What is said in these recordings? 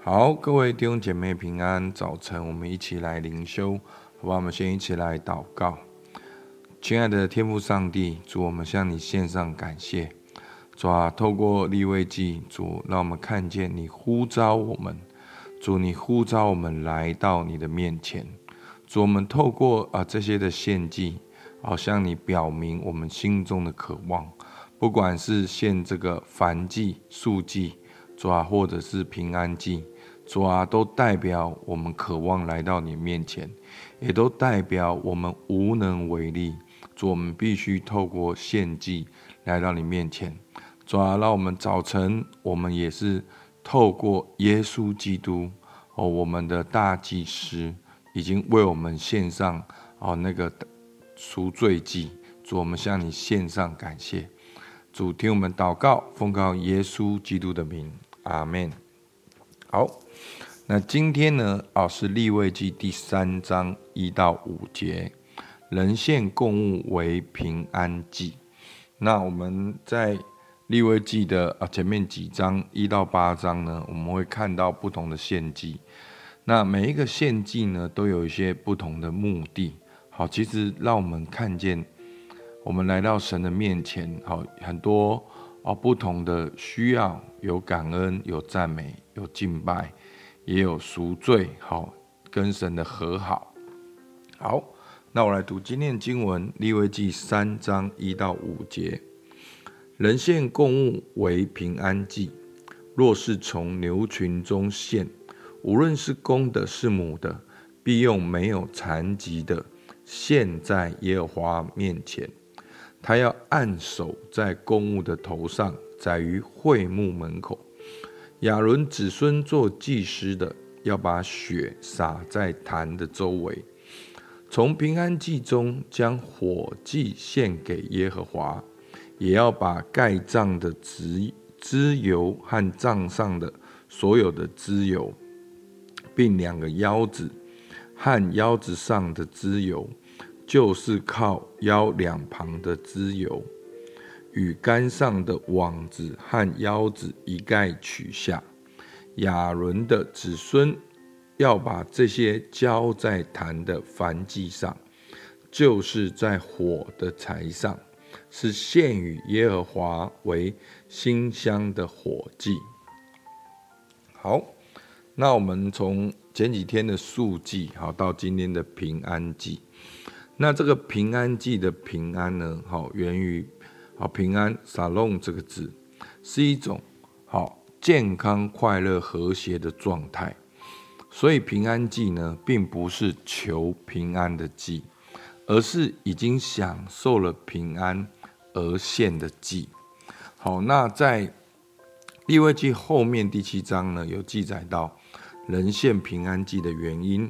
好，各位弟兄姐妹平安，早晨，我們一起來靈修，好吧，我們先一起來禱告。親愛的天父上帝，主，我們向你獻上感謝。主、啊，透過利未記，主，讓我們看見你呼召我們。主，你呼召我們來到你的面前。主，我們透過啊、呃、這些的獻祭，好、呃、向你表明我們心中的渴望，不管是獻這個燔祭、素祭。主啊，或者是平安祭，主啊，都代表我們渴望來到你面前，也都代表我們無能為力。主，我們必須透過獻祭來到你面前。主啊，讓我們早晨，我們也是透過耶穌基督哦，我們的大祭司已經為我們獻上哦那個贖罪祭，主，我們向你獻上感謝。主，聽我們禱告，奉靠耶穌基督的名。阿門。好，那今天呢，哦，是利未記，第三章一到五節，人獻供物為平安祭。那我們在利未記的啊前面幾章一到八章呢，我們會看到不同的獻祭。那每一個獻祭呢，都有一些不同的目的。好，其實讓我們看見，我們來到神的面前，好很多。哦，不同的需要，有感恩、有讚美、有敬拜，也有贖罪，好、哦、跟神的和好。好，那我來讀今天的經文，利未記三章一到五節：人獻供物為平安祭，若是從牛群中獻，無論是公的，是母的，必用沒有殘疾的獻在耶和華面前。他要按手在供物的頭上，宰於會幕門口。亞倫子孫做祭司的，要把血灑在壇的周圍。從平安祭中將火祭獻給耶和華，也要把蓋臟的脂油和臟上的所有的脂油，並兩個腰子和腰子上的脂油。就是靠腰兩旁的脂油，與肝上的網子和腰子，一概取下。亞倫的子孫要把這些燒在壇的燔祭上，就是在火的柴上，是獻與耶和華為馨香的火祭。好，那我們從前幾天的素祭，好，到今天的平安祭。那這個平安祭的平安呢，好、哦、源於好、哦、平安 shalom 這個字，是一種好、哦、健康、快樂、和諧的狀態。所以平安祭呢，並不是求平安的祭，而是已經享受了平安而獻的祭。好、哦，那在利未記後面第七章呢，有記載到人獻平安祭的原因，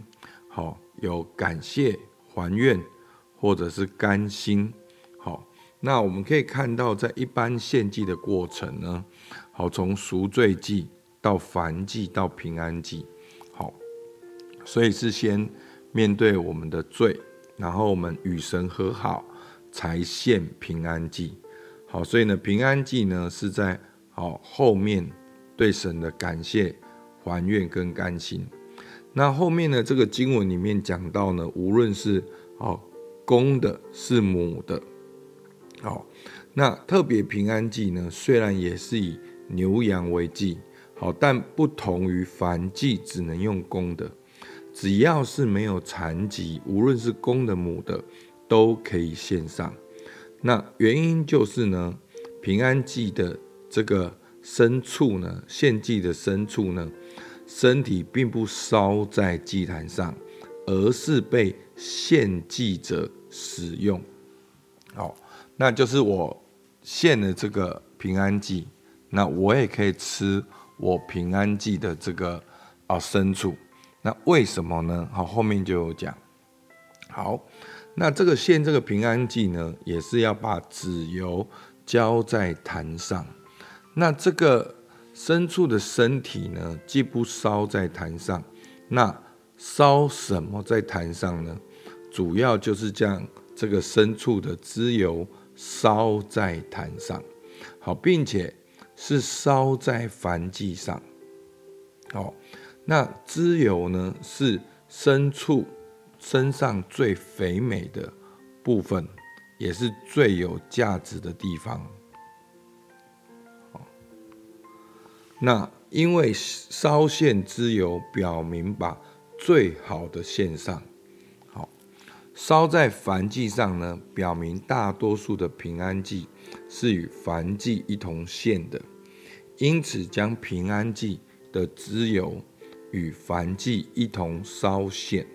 好、哦、有感謝、還願。或者是甘心，好，那我們可以看到，在一般獻祭的過程呢，好，從贖罪祭到燔祭到平安祭，好，所以是先面對我們的罪，然後我們與神和好，才獻平安祭，好，所以呢，平安祭呢是在好後面對神的感謝、還願跟甘心。那後面呢，這個經文裡面講到呢，無論是好。公的是母的，好、哦，那特別平安祭呢？雖然也是以牛羊為祭，好、哦，但不同於燔祭只能用公的，只要是沒有殘疾，無論是公的母的，都可以獻上。那原因就是呢，平安祭的這個牲畜呢，獻祭的牲畜呢，身體並不燒在祭壇上，而是被獻祭者。使用，好，那就是我獻的這個平安祭。那我也可以吃我平安祭的這個啊牲畜，那為什麼呢？好，後面就有講。好，那這個獻這個平安祭呢，也是要把脂油澆在壇上，那這個牲畜的身體呢，既不燒在壇上，那燒什麼在壇上呢？主要就是將這個牲畜的脂油燒在壇上，好，並且是燒在燔祭上。好、哦，那脂油呢，是牲畜身上最肥美的部分，也是最有價值的地方。哦、那因為燒獻脂油，表明把最好的獻上。燒在燔祭上呢，表明大多數的平安祭是與燔祭一同獻的，因此將平安祭的脂油與燔祭一同燒獻。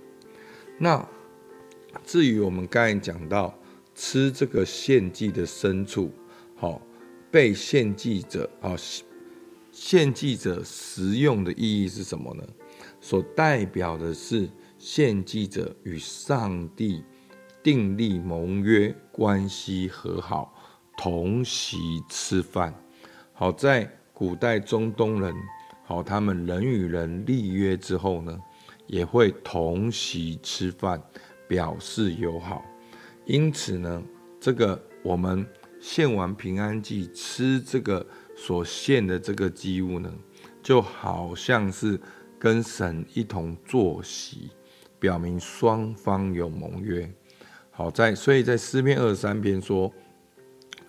那至於我們剛才講到吃這個獻祭的牲畜，好、哦、被獻祭者，哦，獻祭者食用的意義是什麼呢？所代表的是。獻祭者與上帝定立盟約，關係和好，同席吃飯。好，在古代中東人，好，他們人與人立約之後呢，也會同席吃飯，表示友好。因此呢，這個我們獻完平安祭，吃這個所獻的這個祭物呢，就好像是跟神一同坐席，表明雙方有盟約。好，好在，所以在詩篇二十三篇說，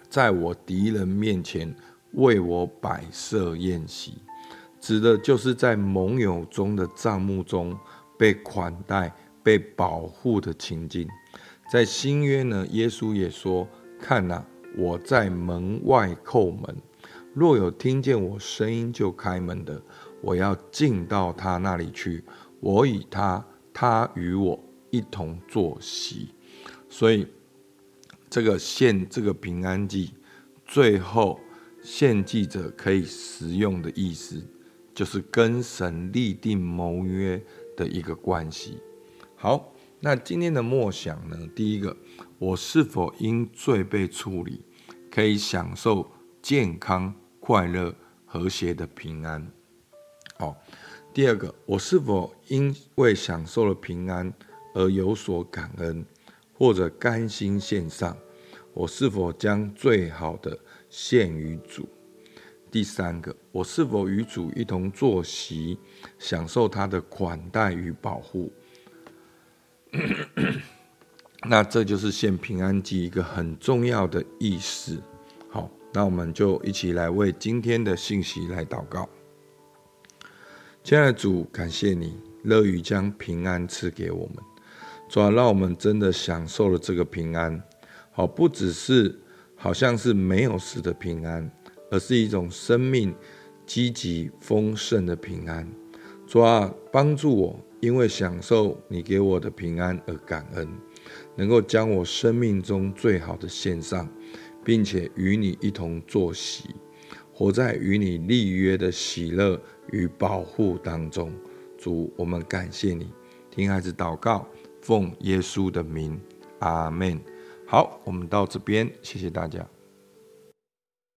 在我敵人面前為我擺設筵席，指的就是在盟友中的帳幕中被款待、被保護的情景。在新約呢，耶穌也說：“看吶、啊，我在門外叩門，若有聽見我聲音就開門的，我要進到他那裡去，我與他。”他與我一同坐席，所以這個獻這個平安祭，最後獻祭者，可以食用的意思，就是跟神立定盟約的一個關係。好，那今天的默想呢？第一個，我是否因罪被處理，可以享受健康、快樂、和諧的平安？哦。第二個，我是否因為享受了平安而有所感恩，或者甘心獻上？我是否將最好的獻於主？第三個，我是否與主一同坐席，享受他的款待與保護？咳咳咳，那這就是獻平安祭一個很重要的意思。好，那我們就一起來為今天的信息來禱告。親愛的主，感謝你樂於將平安賜給我們，主啊，讓我們真的享受了這個平安，好，不只是好像是沒有事的平安，而是一種生命積極豐盛的平安。主啊，幫助我，因為享受你給我的平安而感恩，能夠將我生命中最好的獻上，並且與你一同坐席。活在與你立約的喜樂與保護當中，主，我們感謝你。聽孩子禱告，奉耶穌的名，阿門。好，我們到這邊，謝謝大家。